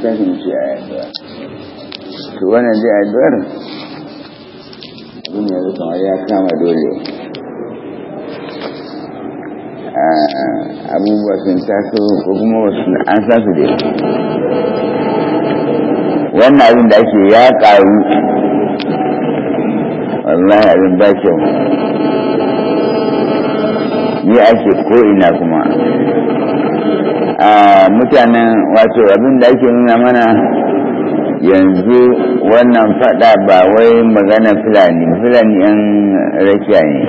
kasance a yaduwa to wannan zai yaduwar abin yanzu kamar ya kama dole abubuwa sun taso ko kuma wasu an sasu da wannan abin da ake ya karu wallahi abin ba kyau ni ake ko ina kuma mutanen wato abin da ake nuna mana yanzu wannan fada ba wai magana fulani fulani yan rakiya ne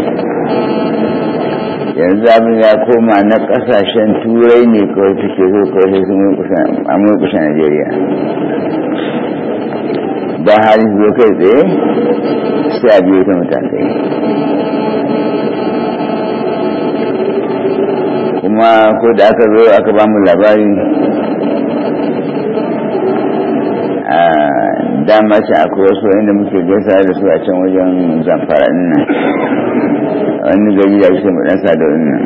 yanzu abin ya koma na kasashen turai ne kawai suke zo kawai su amurkusa najeriya ba hali zo kai tsaye sai a biyu ta matakai kuma ko da aka zo aka ba mu labari a dama ce akwai wasu inda muke gaisa da su a can wajen zamfara nuna wani gari da shi mu ɗansa da wani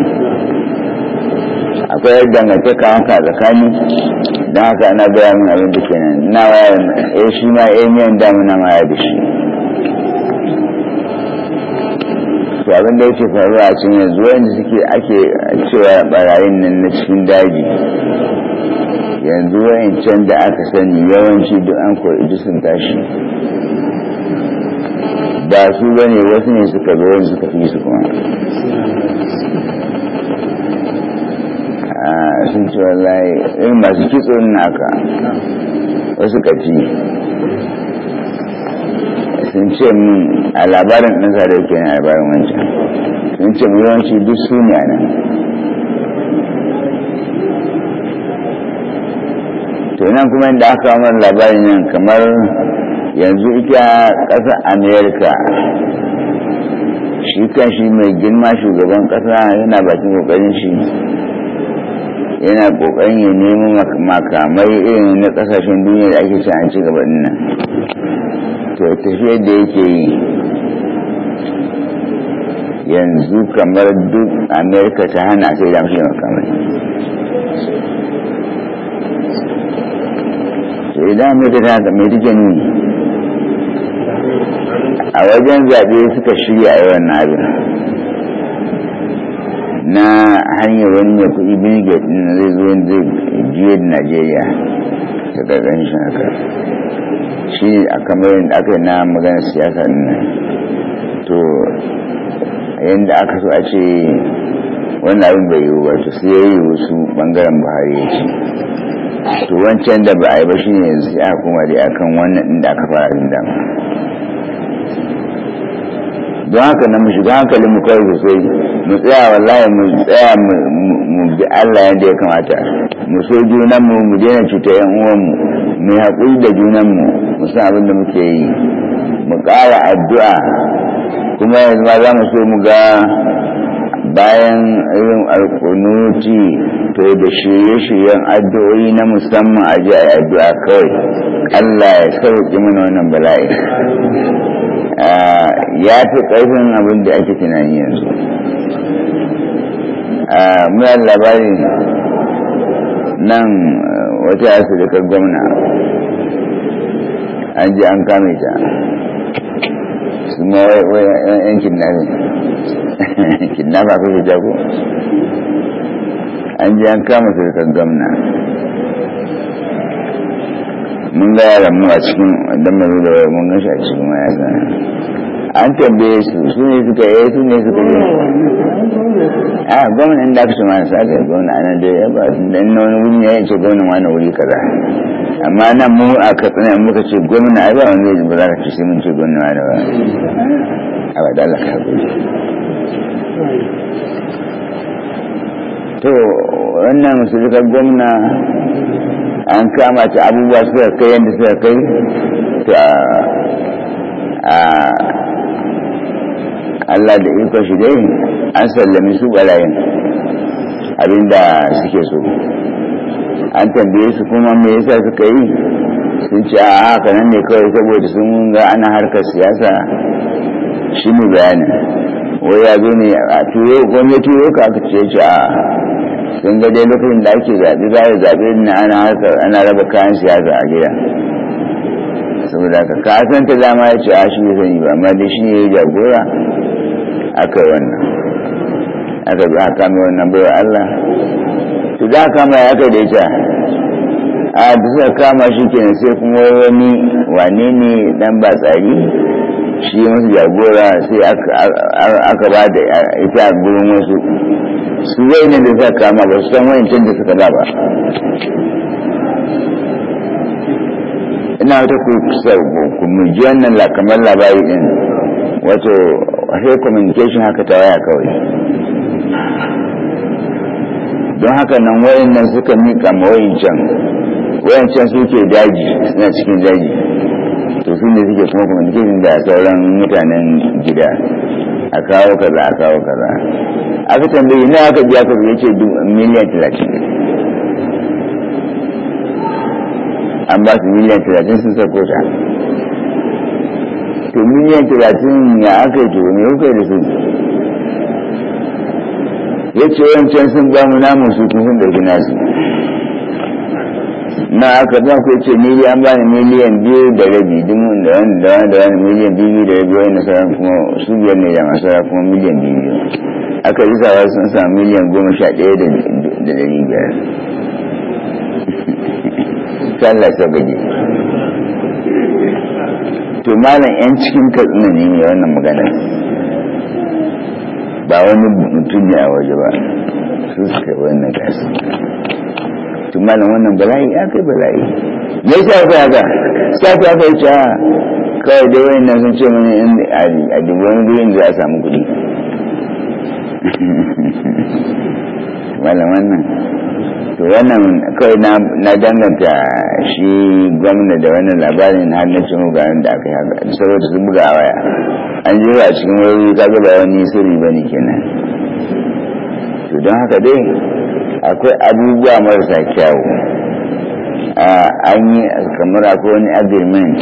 akwai dangantaka haka tsakani don haka ana gaya abin da nan na waya ya eh, shi ma ya eh, miyan damuna ma ya da shi abin da yake faruwa a cikin yanzu wanda suke ake cewa barayin nan na cikin daji yanzu can da aka sani yawanci duk an koyi sun tashi ba su ne wasu ne suka zo wani suka fi su kuma ah, sun ce wallahi irin masu kitso aka wasu kafi. sun ce min a labarin ɗin sadau ke na labarin wancan sun ce mu yawanci duk su ne a nan to nan kuma inda aka kawo labarin nan kamar yanzu ita ƙasa amerika shi kan shi mai girma shugaban ƙasa yana bakin ƙoƙarin shi yana ƙoƙarin ya nemo makamai irin na ƙasashen duniya da ake ci a ci gaba nan tafiyar da yake yi yanzu kamar duk amerika ta hana sai da mashi makamai sai da amerika ta hana mai take nuni a wajen zaɓe suka shirya a yawan abin na hanyar wani ne kuɗi bill na zai zo zai jiye da najeriya ta ƙarƙashin haka shi a kamar da aka na magana siyasa nan to yadda aka so a ce wani abin bai yiwu wato sai ya yi wasu bangaren buhari ya ce to wancan da ba a yi ba shi ne sai kuma dai akan wannan inda aka fara abin don haka na mashi mushiga hankalin mu kawai sosai mu tsaya wallahi mu tsaya mu bi Allah yadda ya kamata mu so junan mu mu daina cuta yan uwan mu mu haƙuri da junan mu san abin da muke yi mu ƙara addu'a kuma yanzu ma za mu so mu ga bayan irin alƙunuti to da shirye-shiryen addu'o'i na musamman a ji a yi addu'a kawai allah ya sauƙi mana wannan bala'i ah, ya fi ƙarfin abin da ake tunani yanzu ah, muna labari nan eh, wata ya surukar gwamna an ji an kame ta su ma wai yan kidnapping a kusa jago an ji an kama surukar gwamna mun gaya da mu a cikin don mu da mun gashi a cikin wayar an tambaye su su ne suka yi eh, su ne suka yi mm. a ah, gwamnan da su ma sa ka gwamna ana da ya ba da na wani ya ce gwamnan wani wuri kaza amma nan mu a katsina muka ce gwamna ai ba wani zai ba za ka ce sai mun ce gwamna wani ba a ba dala ka hakuri to wannan musulika gwamna an kama ta abubuwa suka kai yadda suka kai ta a Allah da ikon shi dai an sallami su barayin abinda suke so an tambaye su kuma me yasa suka yi sun ce a haka nan ne kawai saboda sun ga ana harkar siyasa shi ne bayanin wai ya zo ne a turo gwamnati turo ka aka ce a sun ga dai lokacin da ake zaɓe za a zaɓe ne ana harkar ana raba kayan siyasa a gida saboda ka kasan ta dama ya ce a shi ne sani ba amma dai shi ne ya jagora aka wannan aka zuwa aka wannan bai wa Allah to da kama ya aka daita a da kama shi ke sai kuma wani wane ne dan ba tsari shi masu jagora sai aka ba da ita a gurin wasu su zai ne da suka kama ba su san wani da suka ba ina wata ku kusa ku mu nan lakamar labari din wato a sai communication haka ta waya kawai don haka nan wayan nan suka miƙa ma wayan can suke daji suna cikin daji to su ne suke kuma communication da sauran mutanen gida a kawo kaza a kawo kaza aka tambayi na aka biya ka ya ce miliyan talatin an ba su miliyan talatin sun sako ta to miliyan talatin ya aka yi to me kuka da su ya ce wancan sun ba mu namun su kun sun ɗauki nasu na aka ba ku ce miliyan ba ni miliyan biyu da rabi dumun da wani da wani da wani miliyan biyu da rabi wani nasara kuma su biyar ne da masara kuma miliyan biyu aka yi sawa sun samu miliyan goma sha ɗaya da ɗari biyar sallah sabagi to malam yan cikin katsina ne ne wannan magana ba wani mutum ne a waje ba su suka yi wannan gasi to malam wannan bala'i ya kai bala'i ya yasa ka haka sai ka kai ta ah, kawai dai wani nan sun ce mana in a dubban wani da ya samu kuɗi malam wannan to wannan kawai na danganta shi gwamna da wannan labarin har na cin garin da aka yi saboda sun buga a waya an ji a cikin wani kaga ba wani sirri ba ne kenan to don haka dai akwai abubuwa marasa kyawu an yi kamar akwai wani agreement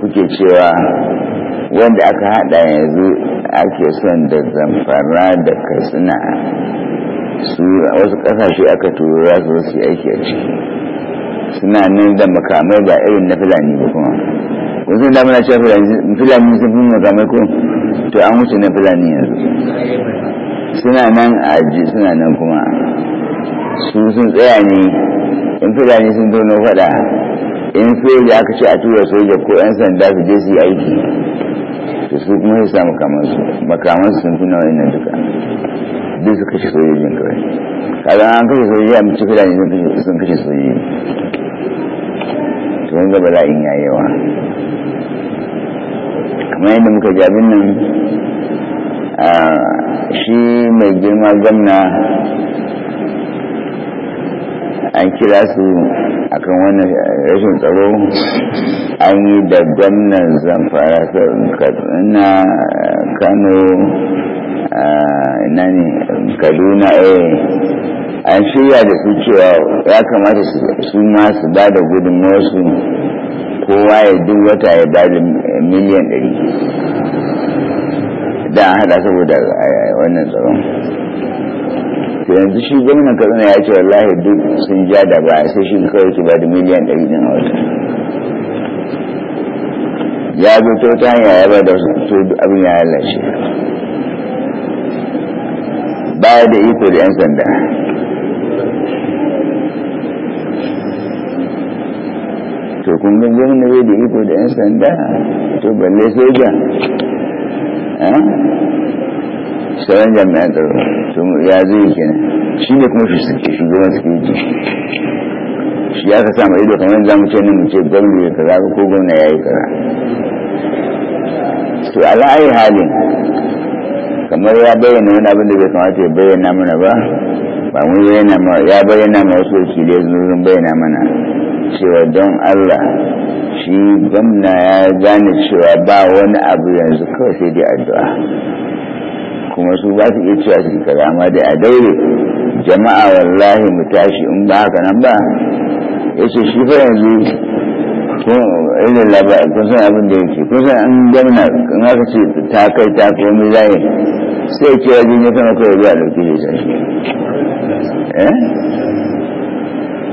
kuke cewa wanda aka hada yanzu ake son da zamfara da katsina su a wasu kasashe aka turo za su su aiki a ciki suna nan da makamai ba irin na fulani ba kuma wasu da muna cewa fulani sun fi makamai ko to an wuce na fulani yanzu suna nan a aji suna nan kuma su sun tsaya ne in fulani sun tono faɗa in soja aka ce a tura soja ko 'yan sanda su je su yi aiki to su kuma su sa makamansu makamansu sun fi nawa na duka duk su kashe sojojin kawai kada an kashe sojoji a mace fulani sun kashe sojoji to wanda bala'in ya yawa kamar yadda muka ji abin nan shi mai girma gamna an kira su akan wani rashin tsaro an yi da gwamnan zamfara na kano nan kaduna eh. an shirya da su cewa ya kamata su ma su ba da gudunmawarsu kowa ya duk wata ya ba da miliyan ɗari da an haɗa saboda wannan tsaron yanzu shi gwamnan kaduna ya ce wallahi duk sun ja da ba sai shi kawai ki ba da miliyan ɗari na a wata ya zo ta wata hanya ya ba da su abin ya lalace baya da iko da 'yan sanda to kun ga gwamna bai da iko da 'yan sanda to balle soja eh? sauran jami'an tsaro su ya zai kenan shi ne kuma shi security shi ya ka samu ido kamar za mu ce ne mu ce gwamna ya kaza ko gwamna ya yi kaza to ala'ayi halin kamar ya bayyana wani abin da bai kamata ya bayyana mana ba ba mun ya bayyana ma wasu wakilai sun bayyana mana cewa don Allah shi gwamna ya gane cewa ba wani abu yanzu kawai sai dai addu'a kuma su ba su iya cewa su kaza amma dai a daure jama'a wallahi mu tashi in ba haka nan ba yace shi fa yanzu ko irin labar kun san abin da yake kun san an gwamna in aka ce ta kai ta komi layi sai ke wajen ya kama kawai zuwa ɗauki da shi eh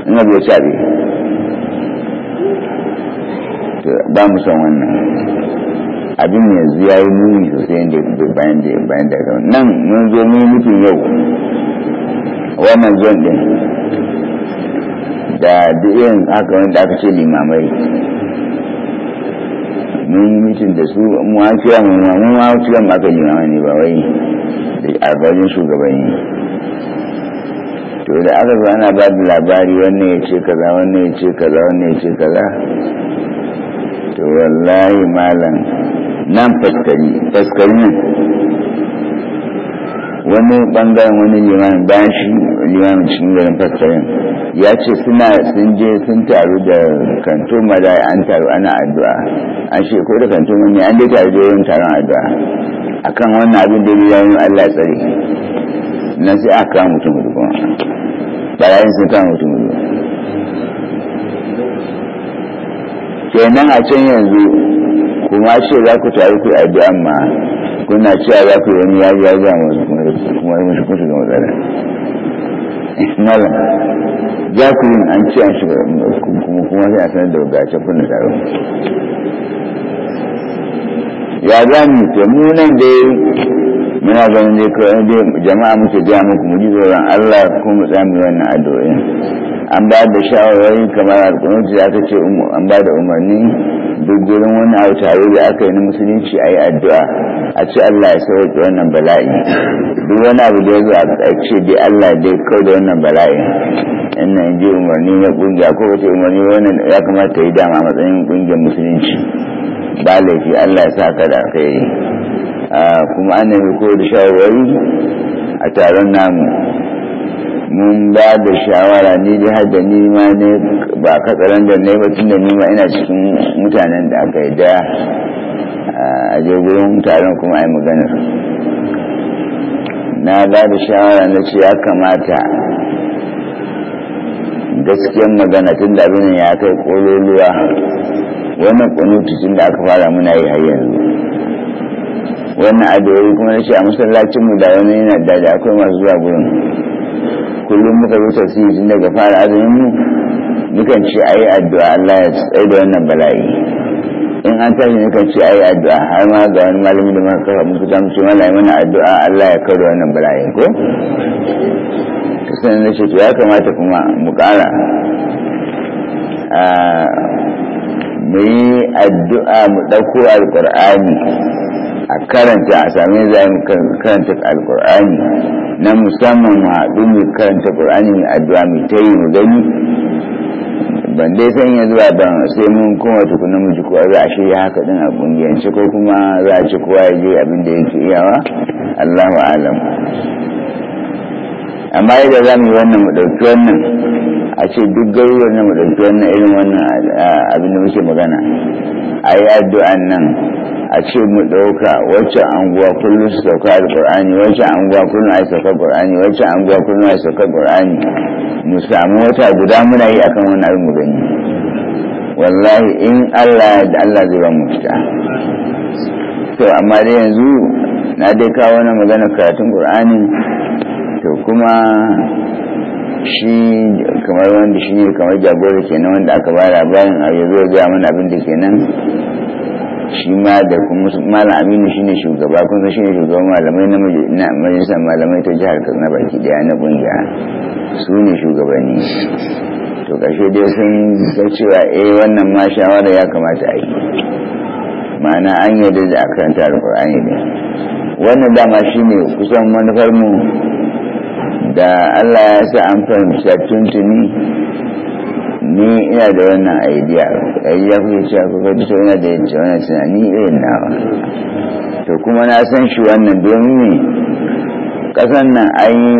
ina bai sabi ba mu wannan abin yanzu ya yi nuni sosai yadda bayan da bayan da nan mun zo mun da duk irin haka wanda aka ce limamai mun yi mutum da su mu an kira mu mu an kira mu aka limama ne ba wai a bayan shugabanni to da aka zo ana ba da labari wannan ya ce kaza wannan ya ce kaza wannan ya ce kaza to wallahi malam nan faskari faskari wani bangaren wani liman bashi liman cikin garin faskarin ya ce suna sun je sun taru da kantun mada an taru ana addu'a an shi ko da kantun mani an dai taru da taron addu'a akan wannan abin da ya yi Allah tsare na sai a kan mutum da kuma barayin sun kan mutum da kenan a can yanzu kuma ce za ku taru ku addu'a ma kuna cewa za ku yi wani yaji ya zuwa kuma kuma kuma kuma kuma kuma za ku yin an ce an shiga kuma kuma sai a sanar da gacin kuna tare ya za mu ce mu nan dai muna ganin dai jama'a muke gaya muku mu ji tsoron Allah kuma mu tsami wannan addu'o'in an ba da shawarwari kamar alƙunci da aka ce um, an ba da umarni duk gurin wani abu tare da aka yi na musulunci a yi addu'a a ce Allah ya sauke wannan bala'i duk wani abu da ya zo a ce dai Allah dai kau da wannan bala'i in in ji umarni na ƙungiya ko wace umarni wannan ya kamata yi dama a matsayin ƙungiyar musulunci ba laifi Allah ya sa ka da kai ah, kuma an nemi ko da shawarwari a taron namu mun ba da shawara ni da har da ni ma ne ba tsaron da ne ba tunda ni ma ina cikin mutanen da aka yi da a je gurin taron kuma a yi maganar na ba da shawara na ce ya kamata gaskiyar magana tun da abin ya kai kololuwa wannan kunutu tun da aka fara muna yi har yanzu wannan adewa kuma na ce a masallacin da wani yana da akwai masu zuwa gurin kullum muka zo tafsiri tun daga fara azumin mu mukan ce ayi addu'a Allah ya tsaye da wannan bala'i in an tashi mukan ce ayi addu'a har ma ga wani malami da muka kafa muku ta ce malami mana addu'a Allah ya kawo wannan bala'i ko kasan na ce to ya kamata kuma mu kara ah, mu yi addu'a mu ɗauko alƙur'ani a karanta a same za karanta alkur'ani na musamman mu haɗu karanta alkur'ani a addu'a mu ta yi mu gani ban dai san ya zuwa ban sai mun kuma tukuna mu ji kowa za a shirya haka din a kungiyance ko kuma za a ci kowa ya je abin da yake iyawa Allahu alam amma yadda za mu yi wannan mu wannan a ce duk garuruwan mu ɗauki wannan irin wannan abin da muke magana a yi addu'an nan a ce mu ɗauka wacce anguwa kullum su sauka alƙur'ani wacce anguwa kullum a sauka ƙur'ani wacce anguwa kullum a sauka ƙur'ani mu samu wata guda muna yi akan wani abin mu gani wallahi in Allah da Allah zai ba mu fita to amma dai yanzu na dai kawo wani magana karatun Qur'ani to kuma shi kamar wanda shi ne kamar jagora kenan wanda aka ba bayan a yanzu ya gaya mana abin da kenan shi ma da kuma malam aminu ne shugaba kun san ne shugaban malamai na majalisar malamai ta jihar na baki daya na kungiya su ne shugabanni to kashe dai sun ga cewa eh wannan ma shawara ya kamata a yi ma'ana an yi da a karanta alkur'ani ne wannan dama ne kusan manufar mu da Allah ya sa an fahimta tuntuni ni ina da wannan idea ai ya kuke cewa kuka fito ina da wannan tunani irin nawa to kuma na san shi wannan domin ƙasan kasan nan an yi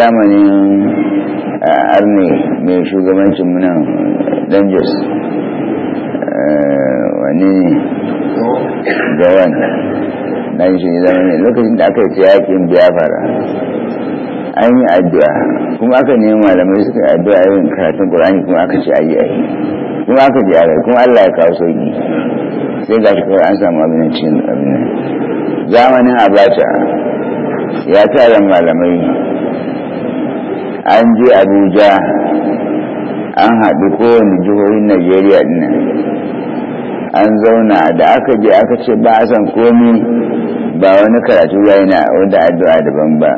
zamanin arne mai shugabancin munan danjus eh, wani ne da wani na yi shi zamanin lokacin da aka yi yakin biyafara an yi addu'a kuma aka nemi malamai suka yi addu'a yin karatun qur'ani kuma aka ce ayi ayi kuma aka ji ayi kuma Allah ya kawo sauki sai ga shi kawai an samu abin cin abin zamanin abacha ya tara malamai an je abuja an haɗu kowane jihohin najeriya dinnan an zauna da aka je aka ce ba a san komi ba wani karatu yana wanda addu'a daban ba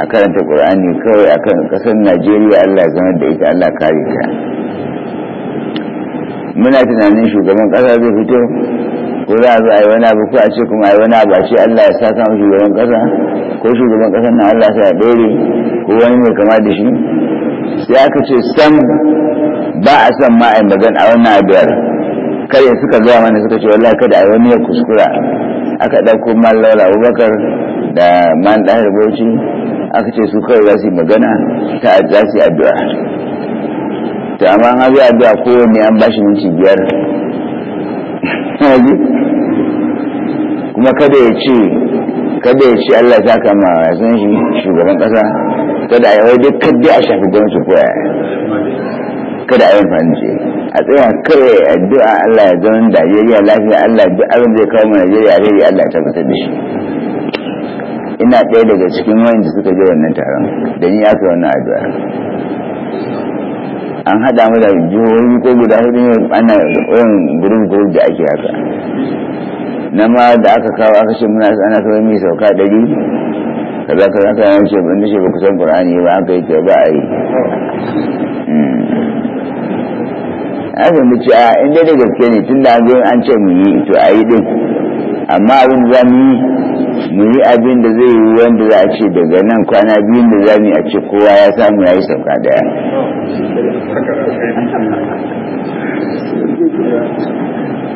a karanta ƙur'ani kawai a kan ƙasar najeriya allah zama da ita allah kare ta muna tunanin shugaban ƙasa zai fito ko za a zo a yi wani abu ko a ce kuma a yi wani abu a ce allah ya sa samun shugaban ƙasa ko shugaban ƙasa na allah sa ya ɗore ko wani mai kama da shi sai aka ce sam ba a son ma a yi magana a wannan abiyar kare suka zuwa mana suka ce wallahi kada a yi wani ya kuskura aka ɗauko man abubakar da man ɗahar bauchi aka ce su kawai za su yi magana ta za su yi addu'a ta amma an haɗu addu'a kowanne an bashi minti biyar kuma kada ya ce kada ya ce Allah ta kama ya san shi shugaban ƙasa kada a yawai duk kaddi a shafi gwamnati ko yaya kada a yi amfani ce a tsaya kawai addu'a Allah ya zama Najeriya lafiya Allah duk abin zai kawo Najeriya alheri Allah ya tabbatar da shi ina ɗaya daga cikin da suka je wannan taron da ni aka wannan addu'a an haɗa mu da jihohi ko guda hudu ne ana irin gurin gurin da ake haka na ma da aka kawo aka ce muna ana kawai mai sauka ɗari kaza kaza kaza ce ban dace ba kusan qur'ani ba aka yi ba a yi hmm. aka mu ce a inda da gaske ne tun da an ce mu yi to a yi din amma abin za mu yi mu yi abin da zai yi wanda za a ce daga nan kwana biyun da za mu a ce kowa ya samu ya yi sauka daya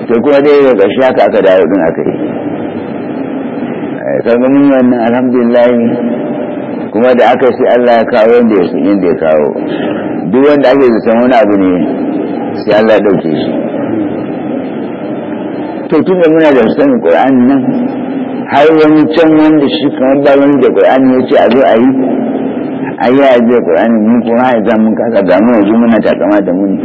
to kuma dai da ƙarshe haka aka dawo ɗin aka yi eh, kaga mun wannan alhamdulillah kuma da aka sai Allah ya kawo wanda ya sun da ya kawo duk wanda ake samu wani abu ne sai Allah ya dauke shi to tun da muna da sanin ƙura'an nan har wancan wanda shi kamar ba wani da ƙur'ani ya ce a zo a yi a yi a zai ƙur'ani mun kuma ya za mun kasa ga mun yanzu muna takama da muni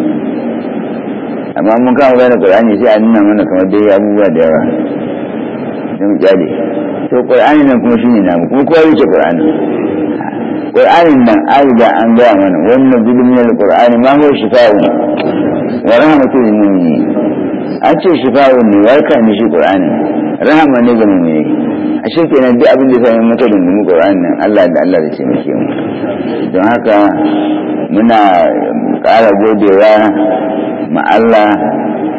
amma mun kama ba da ƙur'ani sai a nuna mana kamar dai abubuwa da yawa don kyale to ƙur'ani nan kuma shi ne namu kuma kowa yake ƙur'ani ƙur'anin nan an riga an gaya mana wannan zulmin al-ƙur'ani ma huwa shifa'u wa rahmatul mu'minin Ace ce shifa'un ne warka ne shi qur'ani rahama ne ga mu'mini a shi kenan duk abin da sami da mu qur'ani nan Allah da Allah da taimake mu don haka muna ƙara godewa ma Allah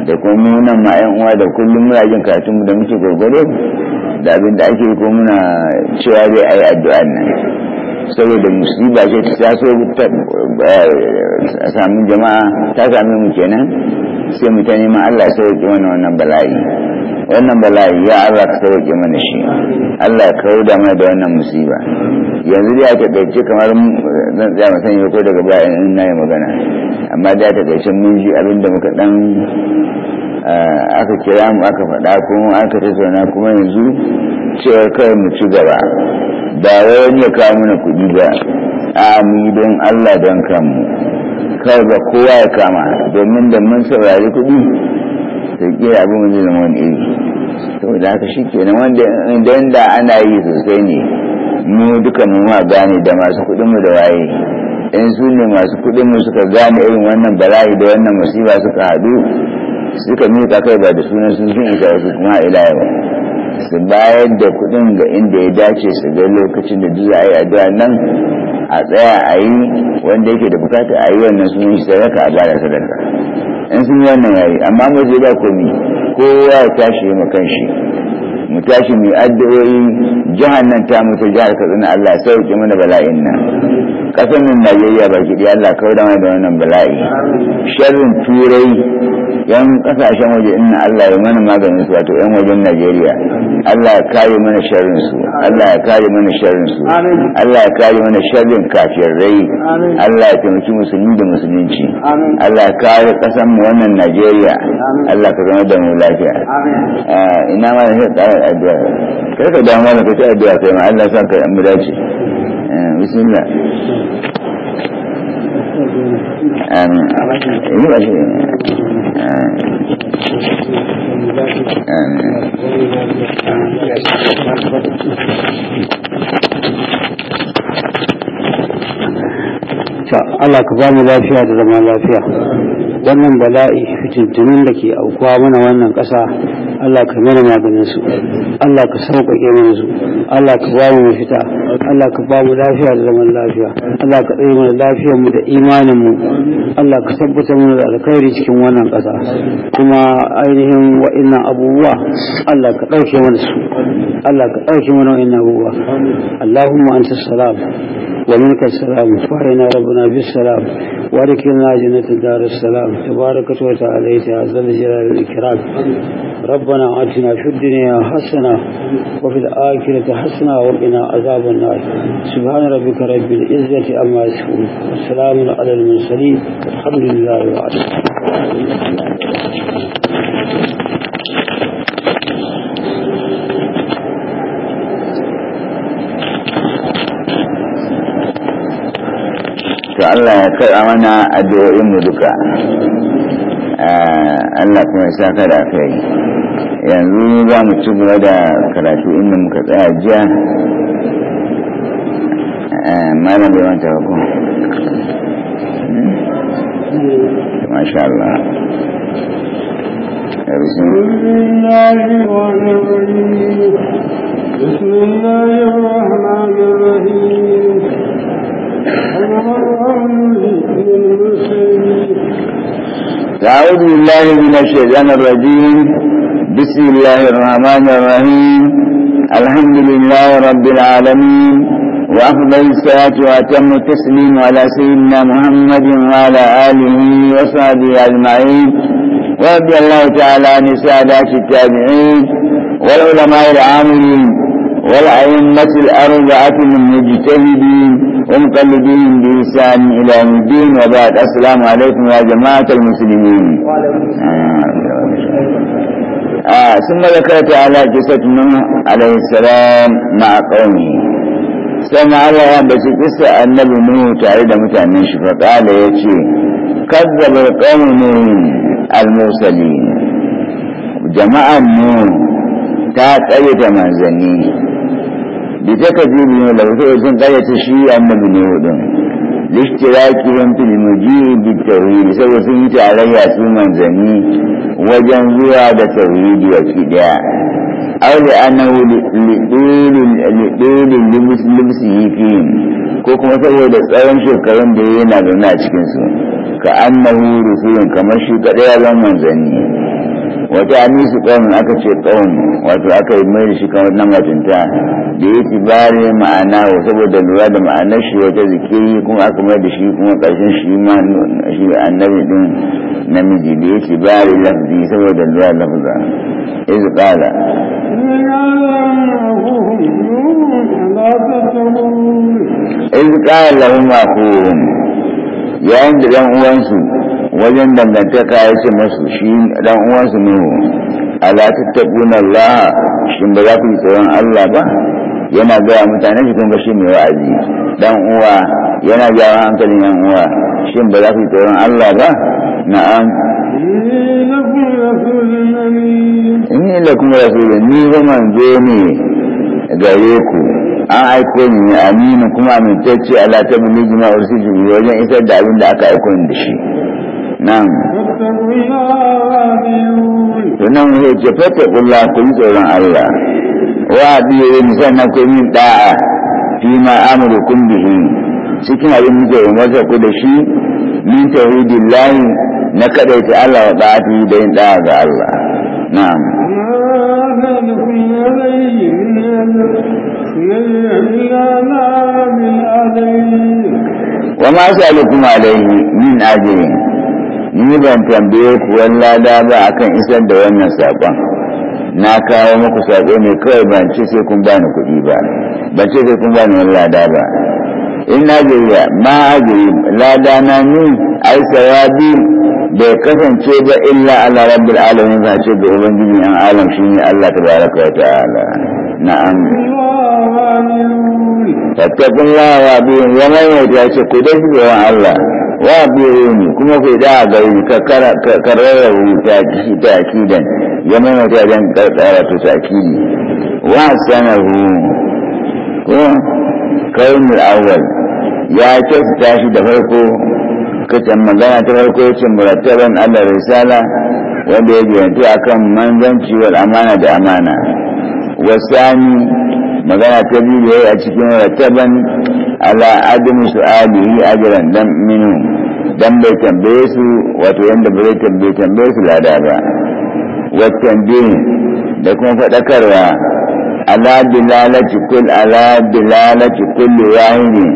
da kuma nuna ma yan uwa da kullum muna jin karatun mu da muke gogoro da abin da ake ko muna cewa dai ayi addu'a nan saboda musiba ce ta so eh, samu jama'a ta same mu kenan sai mu ta neman Allah ya sauke mana wannan bala'i wannan bala'i ya Allah ka sauke mana shi Allah ya kawo da mana da wannan musiba yanzu dai ya ta kamar zan tsaya mu sanya ko daga baya in na yi magana amma da ya ta mun ji abin da muka dan aka kira mu aka faɗa kuma aka tattauna kuma yanzu cewa kai mu ci gaba ba wani ya kawo mana kuɗi ba a mu yi don Allah don kanmu kawai ba kowa ya kama domin da mun saurari kuɗi da ƙira abu mun zama wani iri da haka shi kenan wanda idan da ana yi sosai ne mu duka mu ma gane da masu kuɗin mu da waye in su ne masu kuɗin mu suka gane irin wannan bala'i da wannan musiba suka haɗu suka miƙa kai ba da sunan sun sun isa wasu kuma ila yau su bayar da kuɗin ga inda ya dace su ga lokacin da duk za a yi addu'a nan a tsaya a yi wanda yake da bukata a yi wannan sunan shi sadaka a bada sadaka in sun yi wannan yayi amma mu zai ba komi kowa ya tashi kan shi mu tashi mu addu'o'i jihar nan ta mutu jihar katsina Allah ya sauke mana bala'in nan ƙasar nan Najeriya baki ɗaya Allah kawai da da wannan bala'i sharrin turai yan ƙasashen waje inna Allah ya mana maganin su wato yan wajen Najeriya Allah ya kare mana sharrin su Allah ya kare mana sharrin su Allah ya kare mana sharrin kafirai Allah ya taimaki musulmi da musulunci Allah ya kare ƙasar mu wannan Najeriya Allah ka zama da mu lafiya ah, ina ma da shi tsara addu'a kai ka damu da kace Allah ka bamu lafiya da zama lafiya wannan bala'i fitintunin da ke aukuwa mana wannan ƙasa Allah ka mana maganin su Allah ka sauƙaƙe mana su Allah ka ba mu mafita Allah ka ba mu lafiya da zaman lafiya Allah ka tsaye mana lafiyar mu da imanin mu Allah ka tabbata mana da alkhairi cikin wannan ƙasa kuma ainihin wa'annan abubuwa Allah ka ɗauke mana su Allah ka ɗauke mana wa'annan abubuwa Allahumma anta salam ومنك السلام فأينا ربنا بالسلام واركلنا جنة دار السلام تبارك وتعالى يا ذا الجلال والإكرام ربنا آتنا في الدنيا حسنة وفي الآخرة حسنة وقنا عذاب النار سبحان ربك رب العزة أما يصفون والسلام على المرسلين الحمد لله وعلى Allah ya karɓa mana addu'o'in mu duka eh, Allah kuma ya saka da kai yanzu za mu ci gaba da karatu inda muka tsaya jiya eh, malam bai manta ba kuma hmm? masha Allah بسم الله الرحمن الرحيم أعوذ بالله من الشيطان الرجيم بسم الله الرحمن الرحيم الحمد لله رب العالمين وأفضل الصلاة وأتم التسليم على سيدنا محمد وعلى آله وصحبه أجمعين ورضي الله تعالى عن سادات التابعين والعلماء العاملين والأئمة الأربعة المجتهدين ومقلدين بإحسان إلى يوم الدين وبعد السلام عليكم يا جماعة المسلمين آه ثم ذكرت على قصة نوح عليه السلام مع قومه sama Allah ya bace kisa annabi Nuhu tare da mutanen shi fa kala yace kazzaba qaumun Nuhu al-mursalin jama'an ta ta manzanni bi ta ka ji biyu da wasu yajin ta shi annabi ne hudun ki yan fil mujiyi bi tauhidi saboda sun yi tarayya su manzanni wajen zuwa da tauhidi wa ki daya aw li annahu lidilil limsihi fihim ko kuma saboda tsawon shekarun da yana zaune a cikin su ka su rusulun kamar shi kadai ya zama manzanni wata anisu ƙaunin aka ce ƙaunin wato aka yi mai shi kamar nan matinta da ya ci bari ma'ana saboda lura da ma'anar shi wata zikiri kuma aka mai da shi kuma ƙarshen shi ma shi annabi din namiji da ya ci bari lafzi saboda lura da lafza izu ƙala izu ƙala lahum akuhum yayin da ɗan uwansu wajen dangantaka ya ce masu shi dan uwansu nuhu ala tattaquna Allah shin ba za ku yi tsoron Allah ba yana gaya mutane shi kun shi mai wa'azi dan uwa yana jawo hankalin yan uwa shin ba za ku yi tsoron Allah ba na'am inni lakum rasulun ni ba manzo ne gare ku an aiko ni ne aminu kuma amintacce ala ta mulki ma ursitu wajen isar da abin da aka aiko ni da shi nan nan ya ce fata kulla ku yi tsoron Allah wa biyu sannan ku min da'a fi ma amurukum bihi cikin abin muke umarta ku da shi min tauhidillahi na kadaita Allah wa ta'ati da yin da'a ga Allah na'am وما سألكم عليه من أجر ni ban tambaye ku wani lada ba akan isar da wannan saƙon na kawo muku saƙo ne kawai ban ce sai kun ba ni kuɗi ba ban ce sai kun ba ni wani lada ba in na jiriya ma ajiri lada na ni ai sawabi bai kasance ba illa ala rabbil alamin ba ce ga ubangiji an alam ne Allah tabaraka wa ta'ala na'am fattaqu Allah wa bi yamai ya ce ku dai ga Allah wa biruni kuma ku da yi ka karrara ta akidan ya ta dan karara ta akidi wa sanahu ko kaunul awal ya ce tashi da farko kacan magana ta farko ya ce murattaban Allah risala wanda ya jiyantu akan manzanci wal amana da amana wasani magana ta biyu a cikin murattaban ala adami su'alihi ajran dan minu dan bai tambaye su wato yanda bai tambaye tambaye su lada ba waccan biyu da kuma faɗakarwa ala dilalati kul ala dilalati kulli wahidi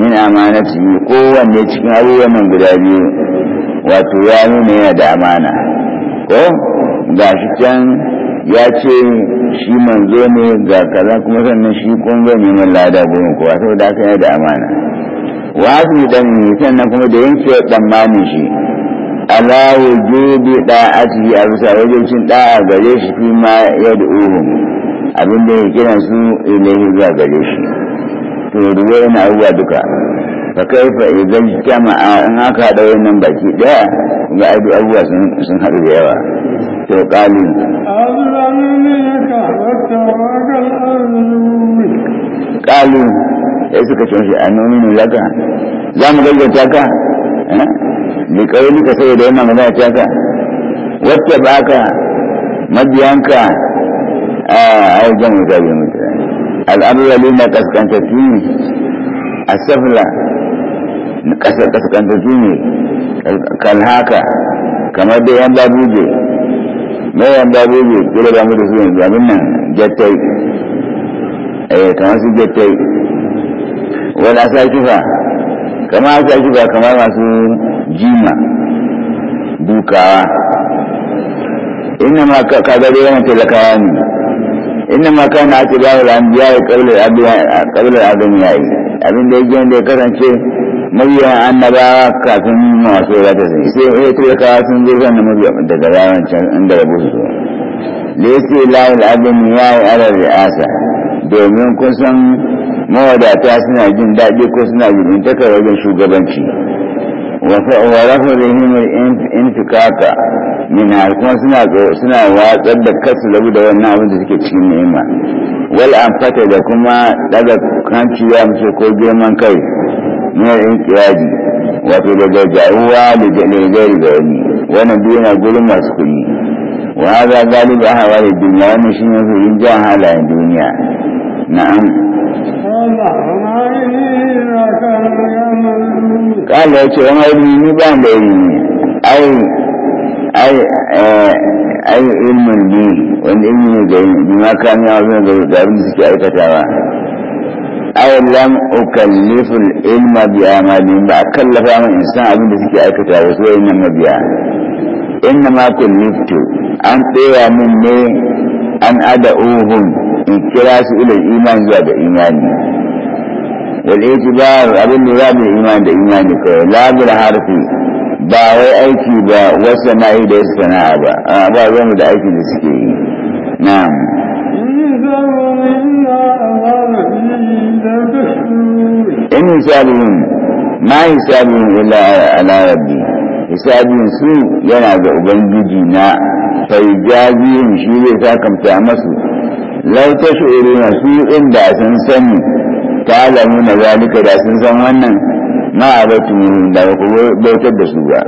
min amanati kowanne cikin abubuwan nan guda biyu wato ya nuna yana da amana ko ga shi can ya ce shi manzo ne ga kaza kuma sannan shi kun zai neman lada gurin kowa saboda haka yana da amana wasu dan na kuma da yanke tsammanin shi ala wujubi da'ati a bisa wajibcin da'a gare shi fi ma yad'uhum abin da ya kiran su ilahi zuwa gare shi to ruwa yana abubuwa duka fa kaifa idan jama'a in haka da wannan baki daya ga abubuwa sun haɗu da yawa والاستقلال أظلم منك وترك الأذنون قالوا إيش كتنشي أنؤمن لك زام قلت لقولك سيد إمام لا تاكا واتبعك مديانك أي جمع كلمة الأرض الذين كسكنت فيه السفلى كسكنت فيه كالهاكا kamar da yan babuje bayan babobi kula da mu da su yanzu abin nan jattai eh kamar su jattai wani asa kifa kamar asa kifa kamar masu jima dukawa inna ma ka gare da talakawa ne inna ma kana ake bawa da an biya ya kabilar abin da ya gina da ya kasance mabiyan annabawa kafin masu rata ta sai sai ya tura kawa sun zai zan mabiyan daga rawan can inda rabu su da ya ce lawal abin ya yi ala ri'asa domin kusan mawadata suna jin daɗi ko suna jin takar wajen shugabanci wa rafa rihimar intikaka min kuma suna suna watsar da kasu rabu da wannan abin da suke cikin ni'ima wal amfata da kuma daga kanciya musu ko girman kai min al wato daga ja'uwa da gairi bayani wannan duk yana gurin masu kuɗi wa hadha galibu ahwali dunya wannan shine furin jan halayen duniya na'am kala ya ce wani ilimi ni ba da ilimi ai ai eh, ai ilmin bi wanda ilimi ne ga yi ma kamiya wasu da abin da suke ai lam ukallifu ilma bi amali ba kallafa min insan abin da suke aikata wasu wayannan mabiya inna ma kulliftu an tsaya min ne an ada'uhum in kira su ila iman zuwa da imani wal itibar abin da za mu iman da imani kawai la bil harfi ba wai aiki ba wasu sana'i da sana'a ba ba zama da aiki da suke yi na'am in hisabihim ma hisabihim illa ala rabbi hisabin su yana da ubangiji na fai jazihin shi ta kamta masu lau ta shi'uruna su inda sun sani ta alamu na zalika da sun san wannan ma a batu da ku bautar da su ba